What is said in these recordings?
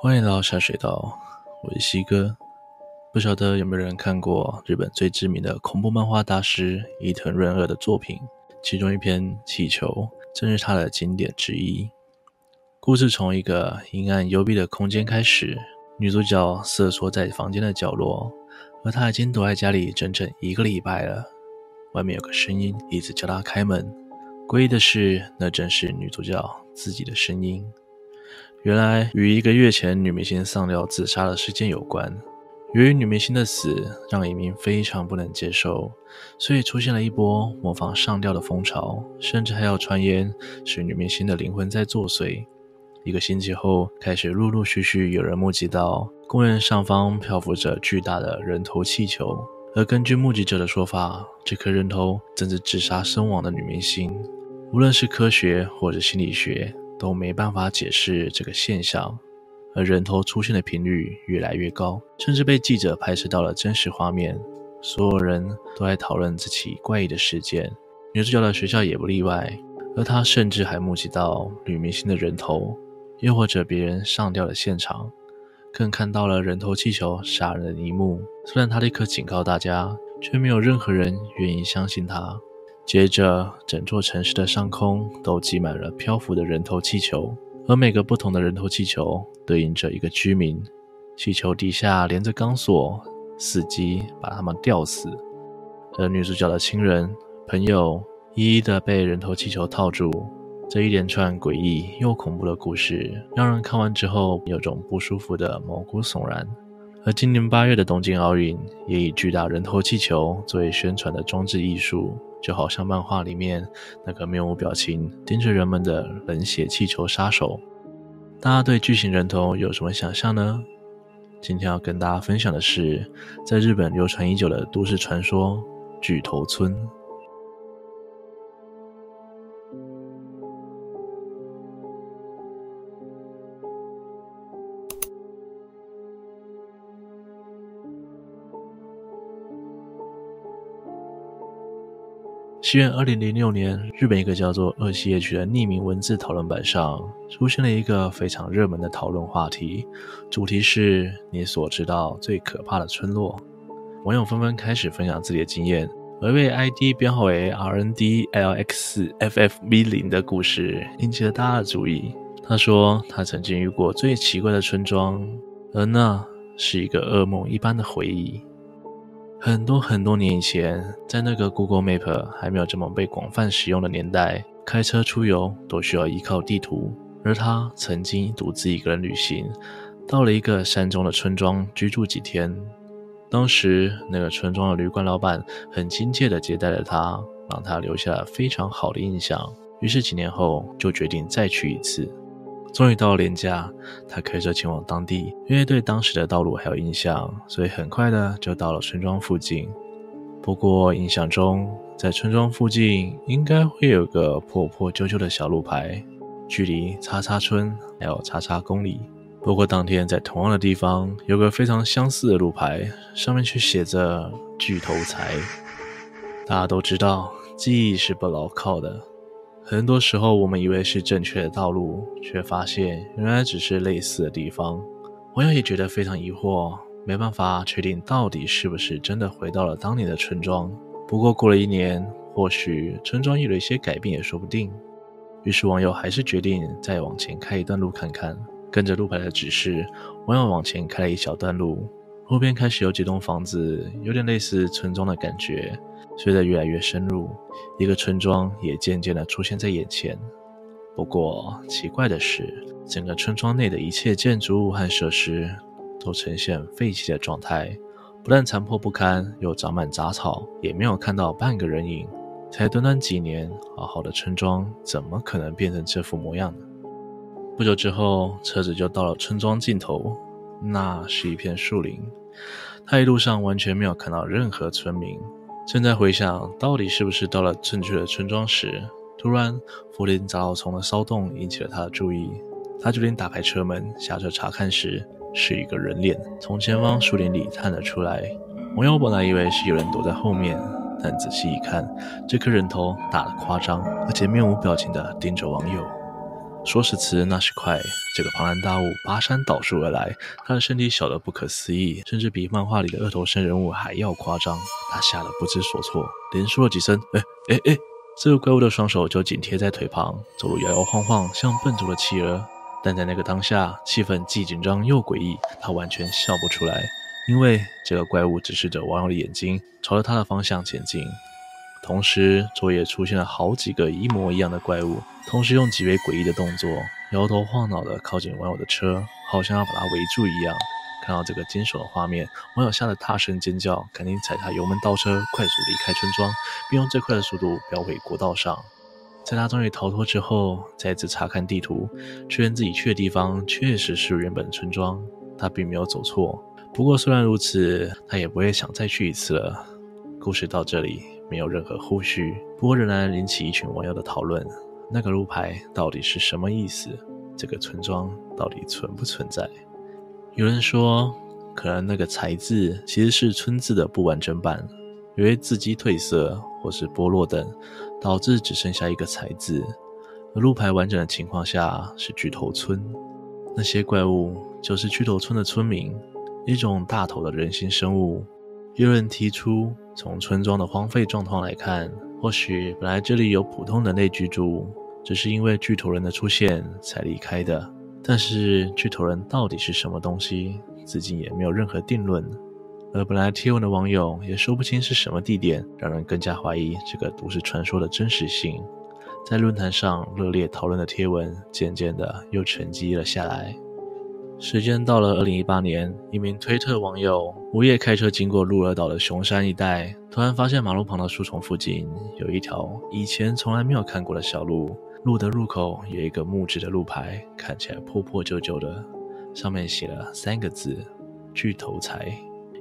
歡迎來到下水道，我是西哥。不曉得有沒有人看過日本最知名的恐怖漫畫大師伊藤潤二的作品？其中一篇《氣球》正是他的經典之一。故事從一個陰暗幽閉的空間開始，女主角瑟縮在房間的角落，而她已經躲在家裡整整一個禮拜了。外面有個聲音一直叫她開門，詭異的是，那正是女主角自己的聲音。原來與一個月前女明星上吊自殺的事件有關。由於女明星的死讓影迷非常不能接受，所以出現了一波模仿上吊的風潮，甚至還有傳言是女明星的靈魂在作祟。一個星期後，開始陸陸續續有人目擊到公園上方漂浮着巨大的人頭氣球，而根據目擊者的說法，這顆人頭正是自殺身亡的女明星。無論是科學或者心理學，都沒辦法解釋這個現象，而人頭出現的頻率越來越高，甚至被記者拍攝到了真實畫面。所有人都在討論這起怪異的事件，女主角的學校也不例外。而她甚至還目擊到女明星的人頭，又或者別人上吊的現場，更看到了人頭氣球殺人的一幕。雖然她立刻警告大家，卻沒有任何人願意相信她。接着，整座城市的上空都擠滿了漂浮的人頭氣球，而每個不同的人頭氣球對應着一個居民。氣球底下連着鋼索，伺機把他們吊死。而女主角的親人、朋友一一的被人頭氣球套住。這一連串詭異又恐怖的故事，讓人看完之後有種不舒服的毛骨悚然。而今年八月的東京奧運，也以巨大人頭氣球作為宣傳的裝置藝術，就好像漫畫裡面那個面無表情盯着人們的冷血氣球殺手。大家對巨型人頭有什麼想象呢？今天要跟大家分享的是，在日本流傳已久的都市傳說——巨頭村。西元二零零六年，日本一個叫做“二西野區”的匿名文字討論版上，出現了一個非常熱門的討論話題，主題是你所知道最可怕的村落。網友紛紛開始分享自己的經驗，而被 ID 編號為 RNDLXFFV 零的故事引起了大家的注意。他說，他曾經遇過最奇怪的村莊，而那是一個噩夢一般的回憶。很多很多年以前，在那個 Google Map 還沒有這麼被廣泛使用的年代，開車出遊都需要依靠地圖。而他曾經獨自一個人旅行，到了一個山中的村莊居住幾天。當時那個村莊的旅館老闆很親切的接待了他，讓他留下了非常好的印象，於是幾年後就決定再去一次。終於到了年假，他開車前往當地。因為對當時的道路還有印象，所以很快的就到了村莊附近。不過印象中，在村莊附近應該會有個破破舊舊的小路牌，距離“叉叉村”還有“叉叉公里”。不過當天在同樣的地方有個非常相似的路牌，上面卻寫着“巨頭オ”。大家都知道，記憶是不牢靠的。很多時候，我們以為是正確的道路，卻發現原來只是類似的地方。網友也覺得非常疑惑，沒辦法確定到底是不是真的回到了當年的村莊。不過過了一年，或許村莊又有了一些改變也說不定。於是網友還是決定再往前開一段路看看。跟着路牌的指示，網友往，往前開了一小段路，路邊開始有幾棟房子，有點類似村莊的感覺。隨着越來越深入，一個村莊也漸漸地出現在眼前。不過奇怪的是，整個村莊內的一切建築物和設施都呈現廢棄的狀態，不但殘破不堪，又長滿雜草，也沒有看到半個人影。才短短幾年，好好的村莊怎麼可能變成這副模樣呢？不久之後，車子就到了村莊盡頭，那是一片樹林。他一路上完全沒有看到任何村民。正在回想到底是不是到了正確的村莊時，突然，樹林雜草叢的騷動引起了他的注意。他決定打開車門下車查看時，是一個人臉從前方樹林裡探了出來。網友本來以為是有人躲在後面，但仔細一看，這顆人頭大得誇張，而且面無表情地盯着網友。說時遲，那時快，這個龐然大物跋山倒樹而來，他的身體小得不可思議，甚至比漫畫裡的二頭身人物還要誇張。他嚇得不知所措，連說了幾聲“哎哎哎”，這個怪物的雙手就緊貼在腿旁，走路搖搖晃晃，像笨拙的企鵝。但在那個當下，氣氛既緊，緊張又詭異，他完全笑不出來，因為這個怪物直視着網友的眼睛，朝着他的方向前進。同時，左夜出現了好幾個一模一樣的怪物，同時用極為詭異的動作，搖頭晃腦地靠近網友的車，好像要把他圍住一樣。看到這個驚悚的畫面，網友嚇得大聲尖叫，趕緊踩下油門倒車，快速離開村莊，並用最快的速度飆回國道上。在他終於逃脫之後，再次查看地圖，確認自己去的地方確實是原本的村莊，他並沒有走錯。不過，雖然如此，他也不會想再去一次了。故事到這裡沒有任何後續，不過仍然引起一群網友的討論：那個路牌到底是什麼意思？這個村莊到底存不存在？有人說，可能那個“才”字其實是“村”字的不完整版，由於字跡褪色或是剝落等，導致只剩下一個“才”字。而路牌完整的情況下是“巨頭村”，那些怪物就是巨頭村的村民，一種大頭的人形生物。有人提出，從村莊的荒廢狀況來看，或許本來這裡有普通人類居住，只是因為巨頭人的出現才離開的。但是，巨頭人到底是什麼東西，至今也沒有任何定論。而本來貼文的網友也說不清是什麼地點，讓人更加懷疑這個都市傳說的真實性。在論壇上熱烈討論的貼文，漸漸的又沉寂了下來。時間到了二零一八年，一名推特網友午夜開車經過鹿兒島的熊山一帶，突然發現馬路旁的樹叢附近有一條以前從來沒有看過的小路。路的入口有一個木質的路牌，看起來破破舊舊的，上面寫了三個字“巨頭オ”。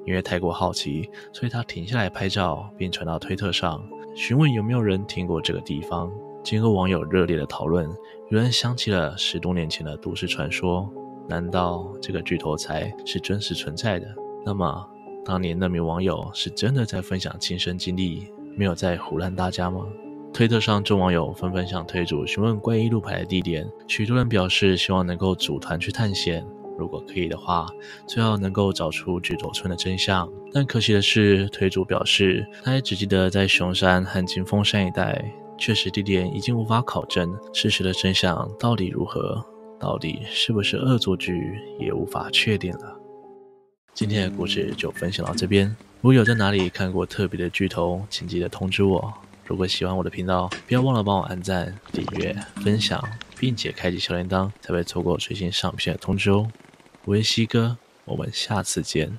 因為太過好奇，所以他停下來拍照，並傳到推特上，詢問有沒有人聽過這個地方。經過網友熱烈的討論，有人想起了十多年前的都市傳說。難道這個“巨頭オ”是真實存在的？那麼，當年那名網友是真的在分享親身經歷，沒有在唬爛大家嗎？推特上，眾網友紛紛向推主詢問怪異路牌的地點，許多人表示希望能夠組團去探險。如果可以的話，最好能夠找出巨頭村的真相。但可惜的是，推主表示，他也只記得在熊山和金峰山一帶，確實地點已經無法考證。事實的真相到底如何？到底是不是惡作劇，也無法確定了。今天的故事就分享到這邊。如果有在哪裡看過特別的巨頭，請記得通知我。如果喜歡我的頻道，不要忘了幫我按贊、訂閱、分享，並且開啟小鈴鐺，才會錯過最新上片的通知哦。文西哥，我們下次見。